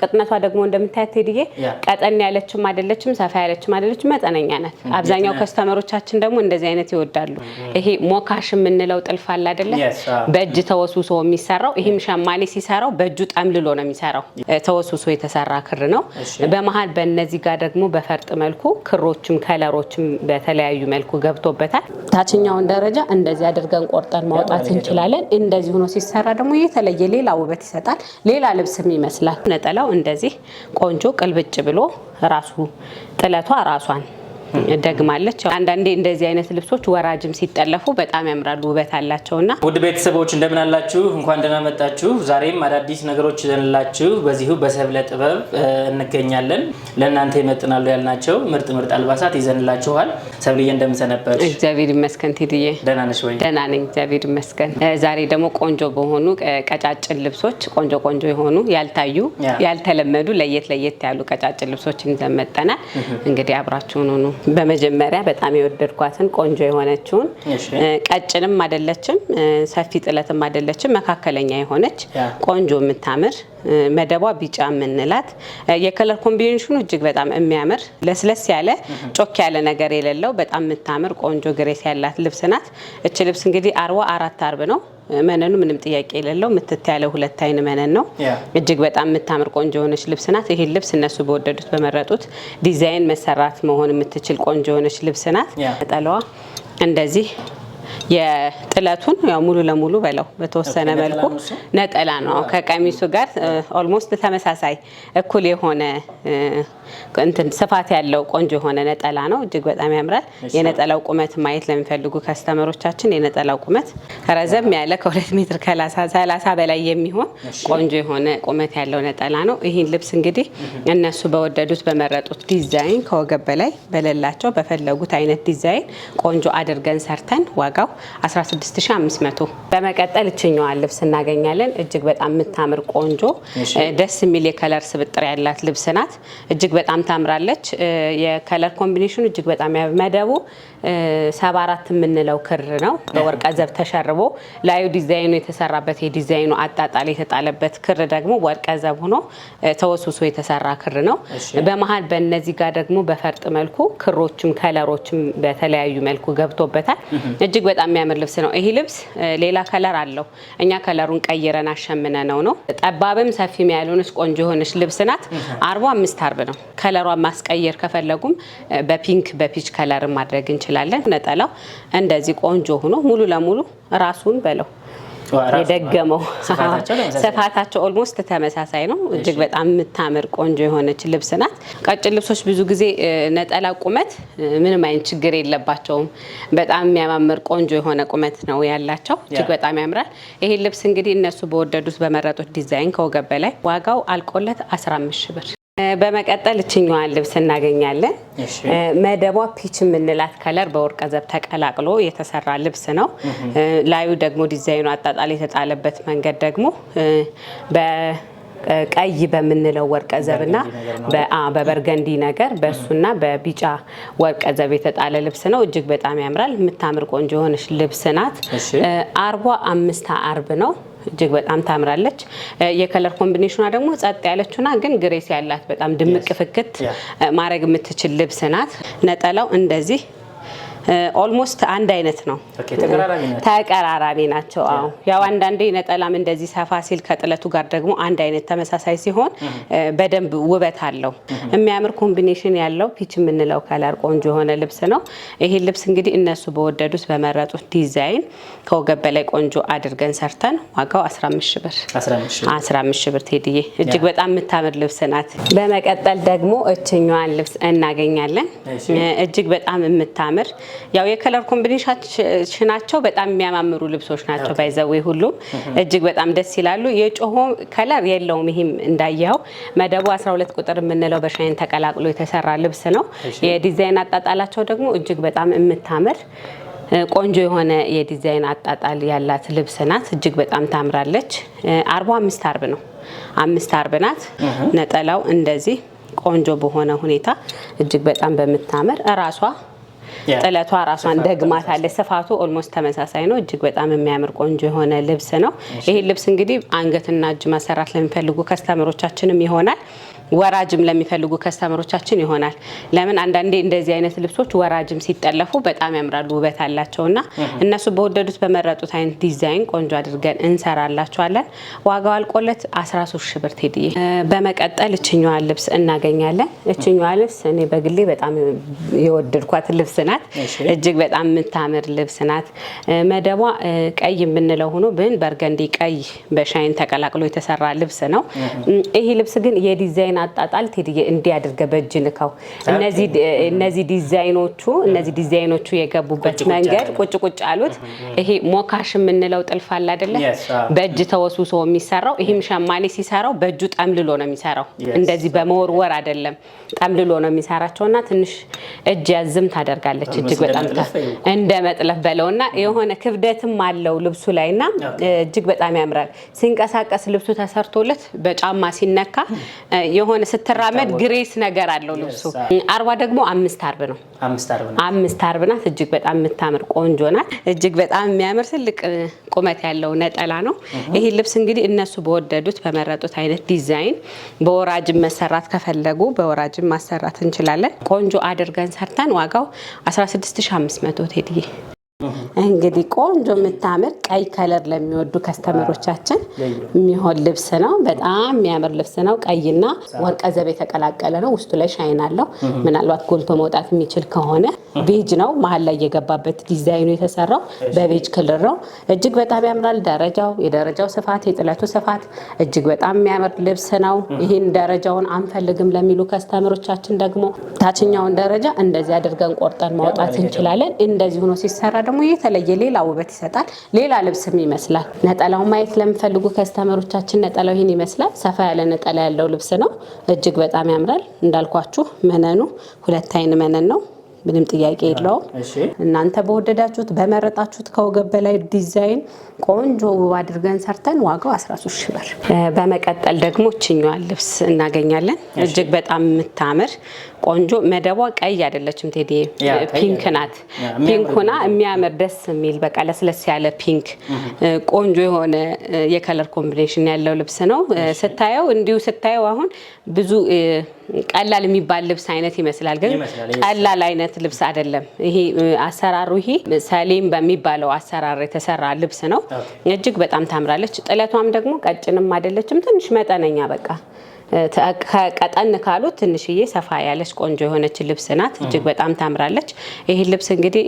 ቅጥነቷ ደግሞ እንደምታያት ቴዲዬ ቀጠን ያለችም አይደለችም፣ ሰፋ ያለችም አይደለችም፣ መጠነኛ ናት። አብዛኛው ከስተመሮቻችን ደግሞ እንደዚህ አይነት ይወዳሉ። ይሄ ሞካሽ የምንለው ጥልፍ አለ አይደለ? በእጅ ተወሱሶ የሚሰራው ይሄም ሸማኔ ሲሰራው በእጁ ጠምልሎ ነው የሚሰራው። ተወሱሶ የተሰራ ክር ነው። በመሀል በእነዚህ ጋር ደግሞ በፈርጥ መልኩ ክሮችም ከለሮችም በተለያዩ መልኩ ገብቶበታል። ታችኛውን ደረጃ እንደዚህ አድርገን ቆርጠን ማውጣት እንችላለን። እንደዚህ ሆኖ ሲሰራ ደግሞ የተለየ ሌላ ውበት ይሰጣል። ሌላ ልብስም ይመስላል እንደዚህ ቆንጆ ቅልብጭ ብሎ ራሱ ጥለቷ ራሷን ደግማለች። አንዳንዴ እንደዚህ አይነት ልብሶች ወራጅም ሲጠለፉ በጣም ያምራሉ፣ ውበት አላቸውና ውድ ቤተሰቦች እንደምን አላችሁ? እንኳን ደህና መጣችሁ። ዛሬም አዳዲስ ነገሮች ይዘንላችሁ በዚሁ በሰብለ ጥበብ እንገኛለን። ለእናንተ ይመጥናሉ ያልናቸው ምርጥ ምርጥ አልባሳት ይዘንላችኋል። ሰብልዬ እንደምሰነበት እግዚአብሔር ይመስገን። ቴድዬ ደህና ነሽ ወይ? ደህና ነኝ እግዚአብሔር ይመስገን። ዛሬ ደግሞ ቆንጆ በሆኑ ቀጫጭን ልብሶች ቆንጆ ቆንጆ የሆኑ ያልታዩ ያልተለመዱ ለየት ለየት ያሉ ቀጫጭን ልብሶች ይዘን መጥተናል። እንግዲህ አብራችሁን ሁኑ። በመጀመሪያ በጣም የወደድኳትን ቆንጆ የሆነችውን ቀጭንም አይደለችም፣ ሰፊ ጥለትም አይደለችም፣ መካከለኛ የሆነች ቆንጆ የምታምር መደቧ ቢጫ የምንላት የከለር ኮምቢኔሽኑ እጅግ በጣም የሚያምር ለስለስ ያለ ጮክ ያለ ነገር የሌለው በጣም የምታምር ቆንጆ ግሬስ ያላት ልብስ ናት። እች ልብስ እንግዲህ አርቧ አራት አርብ ነው። መነኑ ምንም ጥያቄ የሌለው ምትት ያለ ሁለት አይን መነን ነው። እጅግ በጣም የምታምር ቆንጆ የሆነች ልብስ ናት። ይህን ልብስ እነሱ በወደዱት በመረጡት ዲዛይን መሰራት መሆን የምትችል ቆንጆ የሆነች ልብስ ናት። ጠለዋ እንደዚህ የጥለቱን ያው ሙሉ ለሙሉ በለው በተወሰነ መልኩ ነጠላ ነው ከቀሚሱ ጋር ኦልሞስት ተመሳሳይ እኩል የሆነ እንትን ስፋት ያለው ቆንጆ የሆነ ነጠላ ነው። እጅግ በጣም ያምራል። የነጠላው ቁመት ማየት ለሚፈልጉ ከስተመሮቻችን የነጠላው ቁመት ረዘም ያለ ከሁለት ሜትር ከሰላሳ በላይ የሚሆን ቆንጆ የሆነ ቁመት ያለው ነጠላ ነው። ይህን ልብስ እንግዲህ እነሱ በወደዱት በመረጡት ዲዛይን ከወገብ በላይ በሌላቸው በፈለጉት አይነት ዲዛይን ቆንጆ አድርገን ሰርተን ዋጋ ዋጋው 16500። በመቀጠል እችኛዋን ልብስ እናገኛለን። እጅግ በጣም የምታምር ቆንጆ ደስ የሚል የከለር ስብጥር ያላት ልብስ ናት። እጅግ በጣም ታምራለች። የከለር ኮምቢኔሽኑ እጅግ በጣም መደቡ ሰባ የምንለው ክር ነው። በወርቀ ዘብ ተሸርቦ ላዩ ዲዛይኑ የተሰራበት የዲዛይኑ አጣጣል የተጣለበት ክር ደግሞ ወርቀ ዘብ ሆኖ ተወስውሶ የተሰራ ክር ነው። በመሀል በእነዚህ ጋር ደግሞ በፈርጥ መልኩ ክሮችም ከለሮችም በተለያዩ መልኩ ገብቶበታል እጅግ በጣም የሚያምር ልብስ ነው። ይሄ ልብስ ሌላ ከለር አለው። እኛ ከለሩን ቀይረን አሸምነ ነው ነው ጠባብም ሰፊም ያልሆነች ቆንጆ የሆነች ልብስ ናት። አርቧ አምስት አርብ ነው። ከለሯን ማስቀየር ከፈለጉም በፒንክ በፒች ከለር ማድረግ እንችላለን። ነጠላው እንደዚህ ቆንጆ ሆኖ ሙሉ ለሙሉ ራሱን በለው የደገመው ስፋታቸው ኦልሞስት ተመሳሳይ ነው። እጅግ በጣም የምታምር ቆንጆ የሆነች ልብስ ናት። ቀጭን ልብሶች ብዙ ጊዜ ነጠላ ቁመት ምንም አይነት ችግር የለባቸውም። በጣም የሚያማምር ቆንጆ የሆነ ቁመት ነው ያላቸው። እጅግ በጣም ያምራል። ይሄን ልብስ እንግዲህ እነሱ በወደዱት በመረጡት ዲዛይን ከወገብ በላይ ዋጋው አልቆለት 15 ሺ ብር በመቀጠል እችኛዋን ልብስ እናገኛለን። መደቧ ፒች የምንላት ከለር በወርቀ ዘብ ተቀላቅሎ የተሰራ ልብስ ነው። ላዩ ደግሞ ዲዛይኑ አጣጣል የተጣለበት መንገድ ደግሞ ቀይ በምንለው ወርቀ ዘብና በበርገንዲ ነገር በእሱና በቢጫ ወርቀ ዘብ የተጣለ ልብስ ነው። እጅግ በጣም ያምራል። የምታምር ቆንጆ የሆነች ልብስ ናት። አርቧ አምስት አርብ ነው። እጅግ በጣም ታምራለች። የከለር ኮምቢኔሽኗ ደግሞ ጸጥ ያለችና ግን ግሬስ ያላት በጣም ድምቅ ፍክት ማድረግ የምትችል ልብስ ናት። ነጠላው እንደዚህ ኦልሞስት አንድ አይነት ነው፣ ተቀራራቢ ናቸው። አዎ ያው አንዳንዴ ነጠላም እንደዚህ ሰፋ ሲል ከጥለቱ ጋር ደግሞ አንድ አይነት ተመሳሳይ ሲሆን በደንብ ውበት አለው። የሚያምር ኮምቢኔሽን ያለው ፒች የምንለው ከለር ቆንጆ የሆነ ልብስ ነው። ይሄ ልብስ እንግዲህ እነሱ በወደዱት በመረጡት ዲዛይን ከወገብ በላይ ቆንጆ አድርገን ሰርተን ዋጋው 15 ብር 15 ብር ቴድዬ፣ እጅግ በጣም የምታምር ልብስ ናት። በመቀጠል ደግሞ እችኛዋን ልብስ እናገኛለን። እጅግ በጣም የምታምር ያው የከለር ኮምቢኔሽናቸው በጣም የሚያማምሩ ልብሶች ናቸው። ባይዘዌ ሁሉም እጅግ በጣም ደስ ይላሉ። የጮሆ ከለር የለውም። ይህም እንዳየኸው መደቡ 12 ቁጥር የምንለው በሻይን ተቀላቅሎ የተሰራ ልብስ ነው። የዲዛይን አጣጣላቸው ደግሞ እጅግ በጣም የምታምር ቆንጆ የሆነ የዲዛይን አጣጣል ያላት ልብስ ናት። እጅግ በጣም ታምራለች። አርባ አምስት አርብ ነው አምስት አርብ ናት። ነጠላው እንደዚህ ቆንጆ በሆነ ሁኔታ እጅግ በጣም በምታምር እራሷ ጥለቷ ራሷን ደግማታለች። ስፋቱ ኦልሞስት ተመሳሳይ ነው። እጅግ በጣም የሚያምር ቆንጆ የሆነ ልብስ ነው። ይሄ ልብስ እንግዲህ አንገትና እጅ ማሰራት ለሚፈልጉ ከስተምሮቻችንም ይሆናል። ወራጅም ለሚፈልጉ ከስተመሮቻችን ይሆናል። ለምን አንዳንዴ እንደዚህ አይነት ልብሶች ወራጅም ሲጠለፉ በጣም ያምራሉ፣ ውበት አላቸውና እነሱ በወደዱት በመረጡት አይነት ዲዛይን ቆንጆ አድርገን እንሰራላቸዋለን። ዋጋው አልቆለት 13 ሺህ ብር ቴድዬ። በመቀጠል እችኛዋ ልብስ እናገኛለን። እችኛዋ ልብስ እኔ በግሌ በጣም የወደድኳት ልብስ ናት። እጅግ በጣም የምታምር ልብስ ናት። መደቧ ቀይ የምንለው ሆኖ ብን በርገንዲ ቀይ በሻይን ተቀላቅሎ የተሰራ ልብስ ነው። ይህ ልብስ ግን የዲዛይን ይሄን አጣጣል ቴድዬ እንዲያድርገ በእጅ ልከው እነዚህ ዲዛይኖቹ እነዚህ ዲዛይኖቹ የገቡበት መንገድ ቁጭ ቁጭ አሉት። ይሄ ሞካሽ የምንለው ጥልፍ አለ አደለ? በእጅ ተወሱ ሰው የሚሰራው ይሄም ሸማኔ ሲሰራው በእጁ ጠምልሎ ነው የሚሰራው። እንደዚህ በመወርወር አደለም፣ ጠምልሎ ነው የሚሰራቸው። የሚሰራቸውና ትንሽ እጅ ያዝም ታደርጋለች። እጅግ በጣም እንደ መጥለፍ በለው በለውና የሆነ ክብደትም አለው ልብሱ ላይ ላይና እጅግ በጣም ያምራል። ሲንቀሳቀስ ልብሱ ተሰርቶለት በጫማ ሲነካ የሆነ ስትራመድ ግሬስ ነገር አለው ልብሱ። አርባ ደግሞ አምስት አርብ ነው። አምስት አርብ ናት። እጅግ በጣም የምታምር ቆንጆ ናት። እጅግ በጣም የሚያምር ትልቅ ቁመት ያለው ነጠላ ነው። ይህ ልብስ እንግዲህ እነሱ በወደዱት በመረጡት አይነት ዲዛይን በወራጅም መሰራት ከፈለጉ በወራጅም ማሰራት እንችላለን። ቆንጆ አድርገን ሰርተን ዋጋው 16500 ቴድዬ እንግዲህ ቆንጆ የምታምር ቀይ ከለር ለሚወዱ ከስተመሮቻችን የሚሆን ልብስ ነው። በጣም የሚያምር ልብስ ነው። ቀይና ወርቀ ዘብ የተቀላቀለ ነው። ውስጡ ላይ ሻይን አለው። ምናልባት ጎልቶ መውጣት የሚችል ከሆነ ቤጅ ነው። መሀል ላይ የገባበት ዲዛይኑ የተሰራው በቤጅ ክልር ነው። እጅግ በጣም ያምራል። ደረጃው የደረጃው ስፋት የጥለቱ ስፋት እጅግ በጣም የሚያምር ልብስ ነው። ይህን ደረጃውን አንፈልግም ለሚሉ ከስተመሮቻችን ደግሞ ታችኛውን ደረጃ እንደዚህ አድርገን ቆርጠን ማውጣት እንችላለን። እንደዚህ ሆኖ ሲሰራ ደግሞ የተለየ ሌላ ውበት ይሰጣል። ሌላ ልብስም ይመስላል። ነጠላው ማየት ለምፈልጉ ከስተመሮቻችን ነጠላው ይህን ይመስላል። ሰፋ ያለ ነጠላ ያለው ልብስ ነው። እጅግ በጣም ያምራል። እንዳልኳችሁ መነኑ ሁለት አይን መነን ነው። ምንም ጥያቄ የለውም። እናንተ በወደዳችሁት በመረጣችሁት ከወገብ በላይ ዲዛይን ቆንጆ ውብ አድርገን ሰርተን ዋጋው 13 ሺ ብር። በመቀጠል ደግሞ ችኛዋን ልብስ እናገኛለን። እጅግ በጣም የምታምር ቆንጆ መደቧ ቀይ አይደለችም፣ ቴዲ ፒንክ ናት። ፒንክ ሆና የሚያምር ደስ የሚል በቃ ለስለስ ያለ ፒንክ ቆንጆ የሆነ የከለር ኮምቢኔሽን ያለው ልብስ ነው። ስታየው እንዲሁ ስታየው አሁን ብዙ ቀላል የሚባል ልብስ አይነት ይመስላል፣ ግን ቀላል አይነት ልብስ አይደለም። ይሄ አሰራሩ ይሄ ሰሌም በሚባለው አሰራር የተሰራ ልብስ ነው። እጅግ በጣም ታምራለች። ጥለቷም ደግሞ ቀጭንም አይደለችም፣ ትንሽ መጠነኛ በቃ ቀጠን ካሉት ትንሽዬ ሰፋ ያለች ቆንጆ የሆነች ልብስ ናት። እጅግ በጣም ታምራለች። ይህን ልብስ እንግዲህ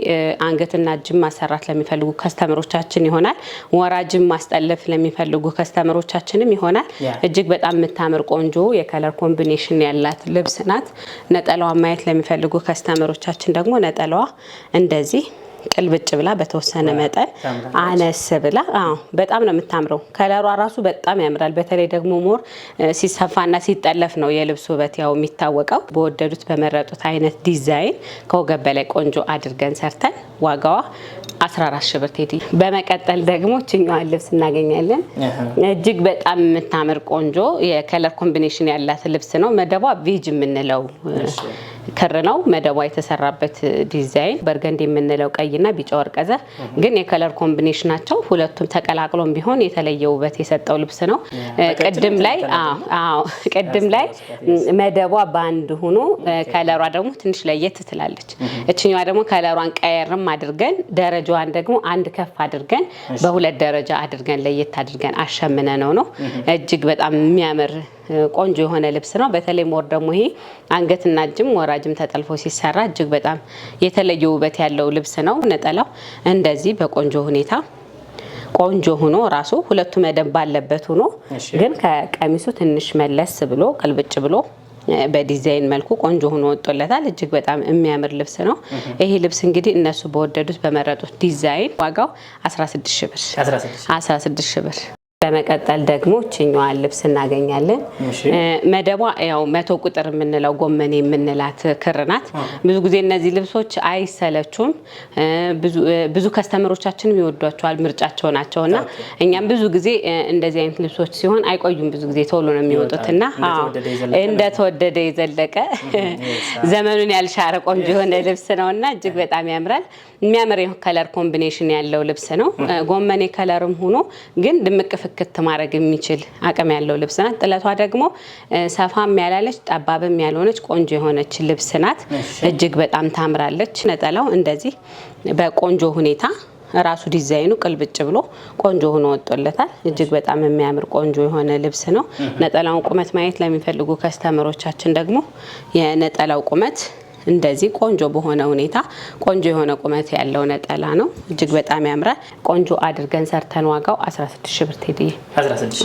አንገትና እጅም ማሰራት ለሚፈልጉ ከስተመሮቻችን ይሆናል። ወራጅም ማስጠለፍ ለሚፈልጉ ከስተመሮቻችንም ይሆናል። እጅግ በጣም የምታምር ቆንጆ የከለር ኮምቢኔሽን ያላት ልብስ ናት። ነጠላዋ ማየት ለሚፈልጉ ከስተመሮቻችን ደግሞ ነጠላዋ እንደዚህ ቅልብጭ ብላ በተወሰነ መጠን አነስ ብላ በጣም ነው የምታምረው። ከለሯ ራሱ በጣም ያምራል። በተለይ ደግሞ ሞር ሲሰፋና ሲጠለፍ ነው የልብስ ውበት ያው የሚታወቀው። በወደዱት በመረጡት አይነት ዲዛይን ከወገብ በላይ ቆንጆ አድርገን ሰርተን ዋጋዋ 14 ሺህ ብር ቴዲ። በመቀጠል ደግሞ ችኛዋን ልብስ እናገኛለን። እጅግ በጣም የምታምር ቆንጆ የከለር ኮምቢኔሽን ያላት ልብስ ነው። መደቧ ቪጅ የምንለው ክር ነው መደቧ የተሰራበት ዲዛይን በርገንድ የምንለው ቀይና ቢጫ ወርቀዘ ግን የከለር ኮምቢኔሽናቸው ሁለቱም ተቀላቅሎም ቢሆን የተለየ ውበት የሰጠው ልብስ ነው። ቅድም ላይ ቅድም ላይ መደቧ በአንድ ሆኖ ከለሯ ደግሞ ትንሽ ለየት ትላለች። እችኛዋ ደግሞ ከለሯን ቀየርም አድርገን ደረጃዋን ደግሞ አንድ ከፍ አድርገን በሁለት ደረጃ አድርገን ለየት አድርገን አሸምነ ነው ነው እጅግ በጣም የሚያምር ቆንጆ የሆነ ልብስ ነው። በተለይ ሞር ደግሞ ይሄ አንገትና እጅም ወራጅም ተጠልፎ ሲሰራ እጅግ በጣም የተለየ ውበት ያለው ልብስ ነው። ነጠላው እንደዚህ በቆንጆ ሁኔታ ቆንጆ ሆኖ ራሱ ሁለቱ መደብ ባለበት ሆኖ ግን ከቀሚሱ ትንሽ መለስ ብሎ ቅልብጭ ብሎ በዲዛይን መልኩ ቆንጆ ሆኖ ወጥቶለታል። እጅግ በጣም የሚያምር ልብስ ነው። ይሄ ልብስ እንግዲህ እነሱ በወደዱት በመረጡት ዲዛይን ዋጋው 16 ሺ ብር 16 ብር በመቀጠል ደግሞ እችኛዋን ልብስ እናገኛለን። መደቧ ያው መቶ ቁጥር የምንለው ጎመኔ የምንላት ክር ናት። ብዙ ጊዜ እነዚህ ልብሶች አይሰለቹም፣ ብዙ ከስተመሮቻችንም ይወዷቸዋል፣ ምርጫቸው ናቸው እና እኛም ብዙ ጊዜ እንደዚህ አይነት ልብሶች ሲሆን አይቆዩም፣ ብዙ ጊዜ ቶሎ ነው የሚወጡት እና እንደተወደደ የዘለቀ ዘመኑን ያልሻረ ቆንጆ የሆነ ልብስ ነው እና እጅግ በጣም ያምራል። የሚያምር ከለር ኮምቢኔሽን ያለው ልብስ ነው። ጎመኔ ከለርም ሆኖ ግን ድምቅ ክት ማድረግ የሚችል አቅም ያለው ልብስ ናት። ጥለቷ ደግሞ ሰፋም ያላለች ጠባብም ያልሆነች ቆንጆ የሆነች ልብስ ናት። እጅግ በጣም ታምራለች። ነጠላው እንደዚህ በቆንጆ ሁኔታ ራሱ ዲዛይኑ ቅልብጭ ብሎ ቆንጆ ሆኖ ወጥቶለታል። እጅግ በጣም የሚያምር ቆንጆ የሆነ ልብስ ነው። ነጠላውን ቁመት ማየት ለሚፈልጉ ከስተመሮቻችን ደግሞ የነጠላው ቁመት እንደዚህ ቆንጆ በሆነ ሁኔታ ቆንጆ የሆነ ቁመት ያለው ነጠላ ነው። እጅግ በጣም ያምራል። ቆንጆ አድርገን ሰርተን ዋጋው 16 ሺህ ብር ቴዲዬ፣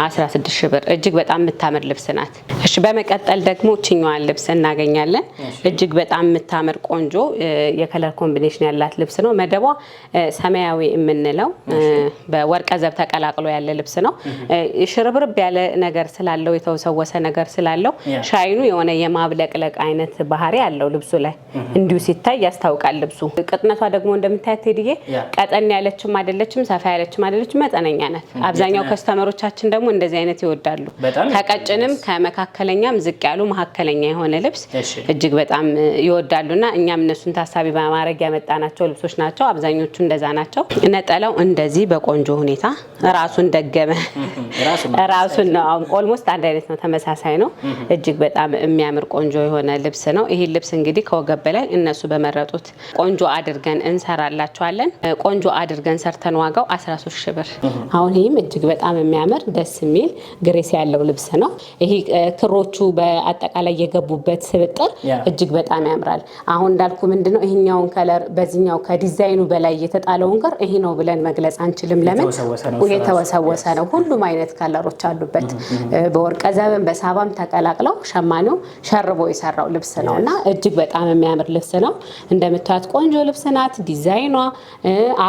16 ሺህ ብር እጅግ በጣም የምታምር ልብስ ናት። እሺ፣ በመቀጠል ደግሞ ችኛዋን ልብስ እናገኛለን። እጅግ በጣም የምታምር ቆንጆ የከለር ኮምቢኔሽን ያላት ልብስ ነው። መደቧ ሰማያዊ የምንለው በወርቀ ዘብ ተቀላቅሎ ያለ ልብስ ነው። ሽርብርብ ያለ ነገር ስላለው የተወሰወሰ ነገር ስላለው ሻይኑ የሆነ የማብለቅለቅ አይነት ባህሪ አለው ልብሱ ላይ እንዲሁ ሲታይ ያስታውቃል ልብሱ። ቅጥነቷ ደግሞ እንደምታያት ቴዲዬ ቀጠን ያለችም አይደለችም፣ ሰፋ ያለችም አይደለችም፣ መጠነኛ ናት። አብዛኛው ከስተመሮቻችን ደግሞ እንደዚህ አይነት ይወዳሉ። ከቀጭንም ከመካከለኛም ዝቅ ያሉ መካከለኛ የሆነ ልብስ እጅግ በጣም ይወዳሉና እኛም እነሱን ታሳቢ በማድረግ ያመጣናቸው ልብሶች ናቸው። አብዛኞቹ እንደዛ ናቸው። ነጠላው እንደዚህ በቆንጆ ሁኔታ ራሱን ደገመ። ራሱን ነው ኦልሞስት አንድ አይነት ነው፣ ተመሳሳይ ነው። እጅግ በጣም የሚያምር ቆንጆ የሆነ ልብስ ነው። ይህ ልብስ እንግዲህ ከወገብ ገበላይ እነሱ በመረጡት ቆንጆ አድርገን እንሰራላቸዋለን። ቆንጆ አድርገን ሰርተን ዋጋው 13 ሺህ ብር። አሁን ይህም እጅግ በጣም የሚያምር ደስ የሚል ግሬስ ያለው ልብስ ነው። ይህ ክሮቹ በአጠቃላይ የገቡበት ስብጥር እጅግ በጣም ያምራል። አሁን እንዳልኩ ምንድነው ይሄኛውን ከለር በዚህኛው ከዲዛይኑ በላይ የተጣለውን ከር ይሄ ነው ብለን መግለጽ አንችልም። ለምን የተወሰወሰ ነው። ሁሉም አይነት ከለሮች አሉበት። በወርቀ ዘበን በሳባም ተቀላቅለው ሸማኔው ሸርቦ የሰራው ልብስ ነው እና እጅግ በጣም በጣም የሚያምር ልብስ ነው። እንደምታዩት ቆንጆ ልብስ ናት። ዲዛይኗ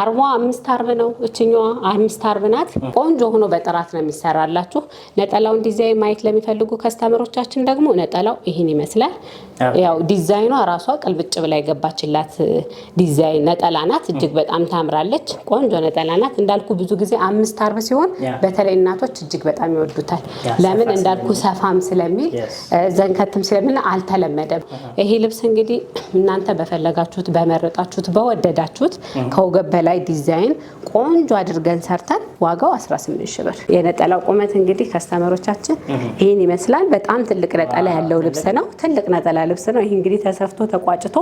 አርቧ አምስት አርብ ነው። እችኛዋ አምስት አርብ ናት። ቆንጆ ሆኖ በጥራት ነው የሚሰራላችሁ። ነጠላውን ዲዛይን ማየት ለሚፈልጉ ከስተመሮቻችን ደግሞ ነጠላው ይህን ይመስላል። ያው ዲዛይኗ ራሷ ቅልብጭ ብላ የገባችላት ዲዛይን ነጠላ ናት። እጅግ በጣም ታምራለች። ቆንጆ ነጠላ ናት። እንዳልኩ ብዙ ጊዜ አምስት አርብ ሲሆን በተለይ እናቶች እጅግ በጣም ይወዱታል። ለምን እንዳልኩ ሰፋም ስለሚል ዘንከትም ስለሚል አልተለመደም። ይሄ ልብስ እንግዲህ እንግዲህ እናንተ በፈለጋችሁት በመረጣችሁት በወደዳችሁት ከወገብ በላይ ዲዛይን ቆንጆ አድርገን ሰርተን ዋጋው 18 ሺ ብር። የነጠላው ቁመት እንግዲህ ከስተመሮቻችን ይህን ይመስላል። በጣም ትልቅ ነጠላ ያለው ልብስ ነው። ትልቅ ነጠላ ልብስ ነው። ይህ እንግዲህ ተሰፍቶ ተቋጭቶ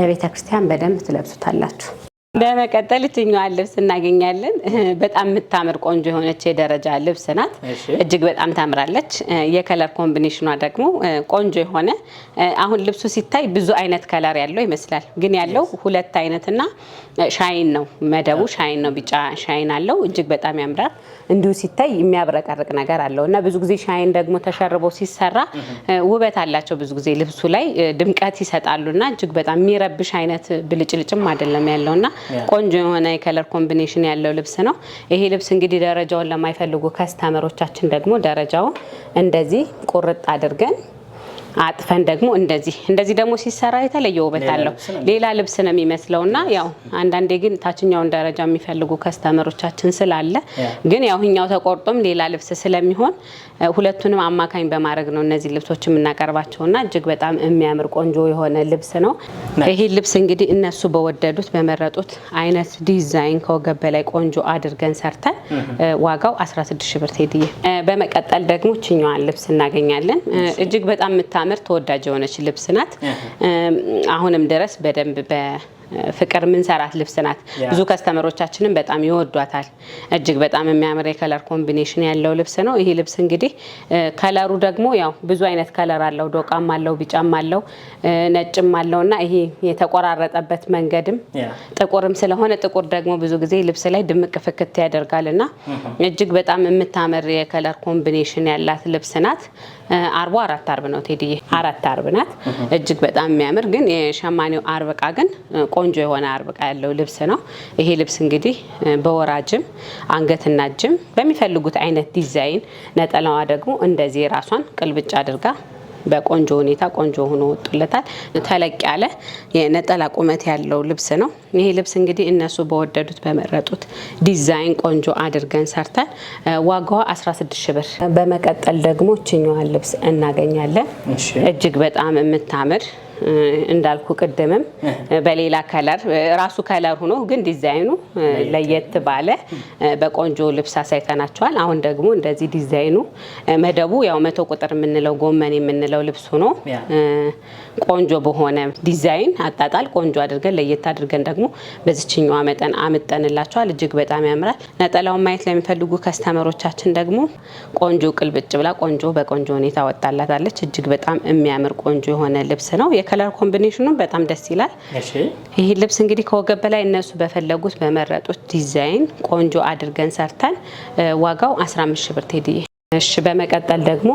ለቤተክርስቲያን በደንብ ትለብሱታላችሁ። በመቀጠል እችኛዋን ልብስ እናገኛለን። በጣም የምታምር ቆንጆ የሆነች የደረጃ ልብስ ናት። እጅግ በጣም ታምራለች። የከለር ኮምቢኔሽኗ ደግሞ ቆንጆ የሆነ አሁን ልብሱ ሲታይ ብዙ አይነት ከለር ያለው ይመስላል፣ ግን ያለው ሁለት አይነትና ሻይን ነው። መደቡ ሻይን ነው፣ ቢጫ ሻይን አለው። እጅግ በጣም ያምራል። እንዲሁ ሲታይ የሚያብረቀርቅ ነገር አለው እና ብዙ ጊዜ ሻይን ደግሞ ተሸርቦ ሲሰራ mm-hmm. ውበት አላቸው። ብዙ ጊዜ ልብሱ ላይ ድምቀት ይሰጣሉና እጅግ በጣም የሚረብሽ አይነት ብልጭልጭም አይደለም ያለውና ቆንጆ የሆነ የከለር ኮምቢኔሽን ያለው ልብስ ነው። ይሄ ልብስ እንግዲህ ደረጃውን ለማይፈልጉ ከስተመሮቻችን ደግሞ ደረጃውን እንደዚህ ቁርጥ አድርገን አጥፈን ደግሞ እንደዚህ እንደዚህ ደግሞ ሲሰራ የተለየ ውበት አለው። ሌላ ልብስ ነው የሚመስለውና ያው አንዳንዴ ግን ታችኛውን ደረጃ የሚፈልጉ ከስተመሮቻችን ስላለ ግን ያው ህኛው ተቆርጦም ሌላ ልብስ ስለሚሆን ሁለቱንም አማካኝ በማድረግ ነው እነዚህ ልብሶች የምናቀርባቸውና እጅግ በጣም የሚያምር ቆንጆ የሆነ ልብስ ነው። ይሄ ልብስ እንግዲህ እነሱ በወደዱት በመረጡት አይነት ዲዛይን ከወገብ በላይ ቆንጆ አድርገን ሰርተን ዋጋው 16 ብር ቴድዬ። በመቀጠል ደግሞ ችኛዋን ልብስ እናገኛለን እጅግ በጣም የምታምር ተወዳጅ የሆነች ልብስ ናት። አሁንም ድረስ በደንብ በፍቅር ምንሰራት ልብስ ናት። ብዙ ከስተመሮቻችንም በጣም ይወዷታል። እጅግ በጣም የሚያምር የከለር ኮምቢኔሽን ያለው ልብስ ነው። ይህ ልብስ እንግዲህ ከለሩ ደግሞ ያው ብዙ አይነት ከለር አለው። ዶቃም አለው፣ ቢጫም አለው፣ ነጭም አለው እና ይሄ የተቆራረጠበት መንገድም ጥቁርም ስለሆነ ጥቁር ደግሞ ብዙ ጊዜ ልብስ ላይ ድምቅ ፍክት ያደርጋል እና እጅግ በጣም የምታምር የከለር ኮምቢኔሽን ያላት ልብስ ናት። አርቦ አራት አርብ ነው ቴዲ አራት አርብ ናት። እጅግ በጣም የሚያምር ግን የሸማኔው አርብ እቃ ግን ቆንጆ የሆነ አርብ እቃ ያለው ልብስ ነው። ይሄ ልብስ እንግዲህ በወራጅም አንገትና እጅም በሚፈልጉት አይነት ዲዛይን፣ ነጠላዋ ደግሞ እንደዚህ ራሷን ቅልብጭ አድርጋ በቆንጆ ሁኔታ ቆንጆ ሆኖ ወጡለታል። ተለቅ ያለ የነጠላ ቁመት ያለው ልብስ ነው። ይሄ ልብስ እንግዲህ እነሱ በወደዱት በመረጡት ዲዛይን ቆንጆ አድርገን ሰርተን ዋጋዋ 16 ሺ ብር። በመቀጠል ደግሞ ችኛዋን ልብስ እናገኛለን። እጅግ በጣም የምታምር እንዳልኩ ቅድምም በሌላ ከለር ራሱ ከለር ሆኖ ግን ዲዛይኑ ለየት ባለ በቆንጆ ልብስ አሳይተናቸዋል። አሁን ደግሞ እንደዚህ ዲዛይኑ መደቡ ያው መቶ ቁጥር የምንለው ጎመን የምንለው ልብስ ሆኖ ቆንጆ በሆነ ዲዛይን አጣጣል ቆንጆ አድርገን ለየት አድርገን ደግሞ በዚችኛዋ መጠን አምጠንላቸዋል። እጅግ በጣም ያምራል። ነጠላውን ማየት ለሚፈልጉ ከስተመሮቻችን ደግሞ ቆንጆ ቅልብጭ ብላ ቆንጆ በቆንጆ ሁኔታ ወጣላታለች። እጅግ በጣም የሚያምር ቆንጆ የሆነ ልብስ ነው። ከለር ኮምቢኔሽኑ በጣም ደስ ይላል። ይህ ልብስ እንግዲህ ከወገብ በላይ እነሱ በፈለጉት በመረጡት ዲዛይን ቆንጆ አድርገን ሰርተን ዋጋው 15 ሺ ብር ቴዲዬ። እሺ በመቀጠል ደግሞ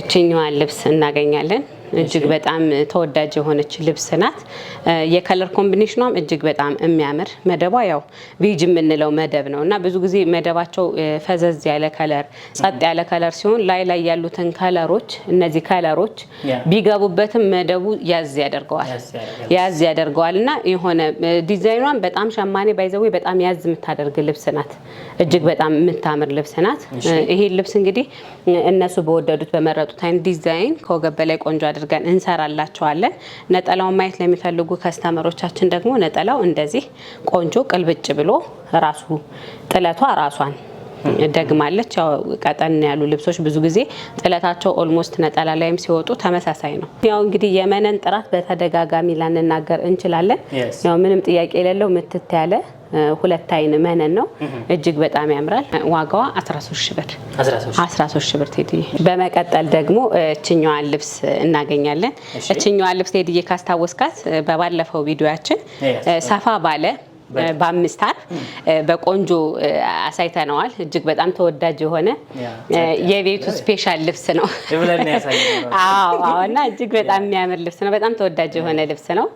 እችኛዋን ልብስ እናገኛለን። እጅግ በጣም ተወዳጅ የሆነች ልብስ ናት። የከለር ኮምቢኔሽኗም እጅግ በጣም የሚያምር መደቧ ያው ቪጅ የምንለው መደብ ነው እና ብዙ ጊዜ መደባቸው ፈዘዝ ያለ ከለር፣ ጸጥ ያለ ከለር ሲሆን ላይ ላይ ያሉትን ከለሮች እነዚህ ከለሮች ቢገቡበትም መደቡ ያዝ ያደርገዋል ያዝ ያደርገዋል እና የሆነ ዲዛይኗን በጣም ሸማኔ ባይዘዌ በጣም ያዝ የምታደርግ ልብስ ናት። እጅግ በጣም የምታምር ልብስ ናት። ይሄ ልብስ እንግዲህ እነሱ በወደዱት በመረጡት አይነት ዲዛይን ከወገብ በላይ ቆንጆ አድርገን እንሰራላቸዋለን። ነጠላውን ማየት ለሚፈልጉ ከስተመሮቻችን ደግሞ ነጠላው እንደዚህ ቆንጆ ቅልብጭ ብሎ ራሱ ጥለቷ ራሷን ደግማለች። ያው ቀጠን ያሉ ልብሶች ብዙ ጊዜ ጥለታቸው ኦልሞስት ነጠላ ላይም ሲወጡ ተመሳሳይ ነው። ያው እንግዲህ የመነን ጥራት በተደጋጋሚ ላንናገር እንችላለን። ያው ምንም ጥያቄ የሌለው ምትት ያለ ሁለት አይን መነን ነው። እጅግ በጣም ያምራል። ዋጋዋ 13 ሺህ ብር 13 ሺህ ብር ቴድዬ። በመቀጠል ደግሞ እችኛዋን ልብስ እናገኛለን። እችኛዋን ልብስ ቴድዬ ካስታወስካት በባለፈው ቪዲዮያችን ሰፋ ባለ በአምስት አር በቆንጆ አሳይተነዋል። እጅግ በጣም ተወዳጅ የሆነ የቤቱ ስፔሻል ልብስ ነው እና እጅግ በጣም የሚያምር ልብስ ነው። በጣም ተወዳጅ የሆነ ልብስ ነው።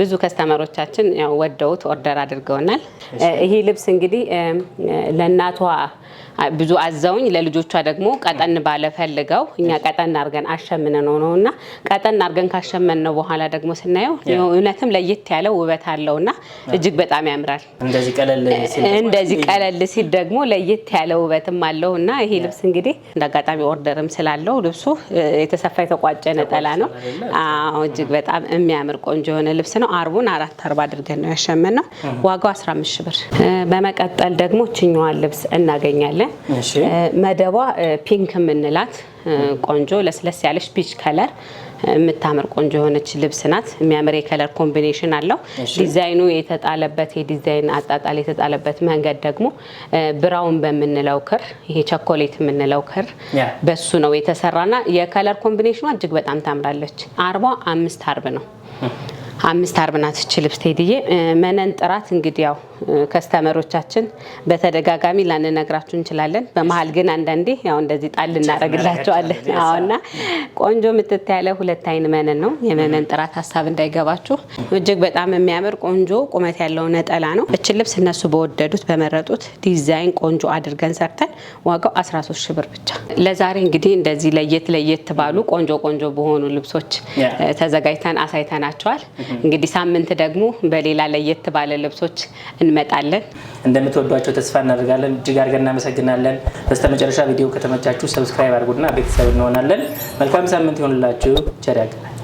ብዙ ከስተመሮቻችን ወደውት ኦርደር አድርገውናል። ይህ ልብስ እንግዲህ ለእናቷ ብዙ አዘውኝ ለልጆቿ ደግሞ ቀጠን ባለፈልገው እኛ ቀጠን አርገን አሸምነ ነው ነው እና ቀጠን አድርገን ካሸመን ነው በኋላ ደግሞ ስናየው እውነትም ለየት ያለው ውበት አለውና እጅግ በጣም ያምራል። እንደዚህ ቀለል ሲል ደግሞ ለየት ያለ ውበትም አለው እና ይሄ ልብስ እንግዲህ እንደ አጋጣሚ ኦርደርም ስላለው ልብሱ የተሰፋ የተቋጨ ነጠላ ነው። አዎ እጅግ በጣም የሚያምር ቆንጆ የሆነ ልብስ ነው። አርቡን አራት አርባ አድርገን ነው ያሸመነው። ዋጋው 15 ሺህ ብር። በመቀጠል ደግሞ ችኛዋን ልብስ እናገኛለን። መደቧ ፒንክ የምንላት ቆንጆ ለስለስ ያለች ፒች ከለር የምታምር ቆንጆ የሆነች ልብስ ናት። የሚያምር የከለር ኮምቢኔሽን አለው። ዲዛይኑ የተጣለበት የዲዛይን አጣጣል የተጣለበት መንገድ ደግሞ ብራውን በምንለው ክር ይሄ ቸኮሌት የምንለው ክር በሱ ነው የተሰራና የከለር ኮምቢኔሽኗ እጅግ በጣም ታምራለች። አርቧ አምስት አርብ ነው አምስት አርብ ልብስ ቴዲዬ መነን ጥራት እንግዲህ ያው ከስተመሮቻችን በተደጋጋሚ ላንነግራችሁ እንችላለን። በመሀል ግን አንዳንዴ ያው እንደዚህ ጣል እናደርግላቸዋለን። አዎና ቆንጆ ምትት ያለ ሁለት አይን መነን ነው። የመነን ጥራት ሀሳብ እንዳይገባችሁ። እጅግ በጣም የሚያምር ቆንጆ ቁመት ያለው ነጠላ ነው። እች ልብስ እነሱ በወደዱት በመረጡት ዲዛይን ቆንጆ አድርገን ሰርተን ዋጋው 13 ሺ ብር ብቻ። ለዛሬ እንግዲህ እንደዚህ ለየት ለየት ባሉ ቆንጆ ቆንጆ በሆኑ ልብሶች ተዘጋጅተን አሳይተናቸዋል። እንግዲህ ሳምንት ደግሞ በሌላ ለየት ባለ ልብሶች እንመጣለን። እንደምትወዷቸው ተስፋ እናደርጋለን። እጅግ አድርገን እናመሰግናለን። በስተመጨረሻ ቪዲዮ ከተመቻችሁ ሰብስክራይብ አድርጉና ቤተሰብ እንሆናለን። መልካም ሳምንት ይሆንላችሁ። ቸር ያገናኝ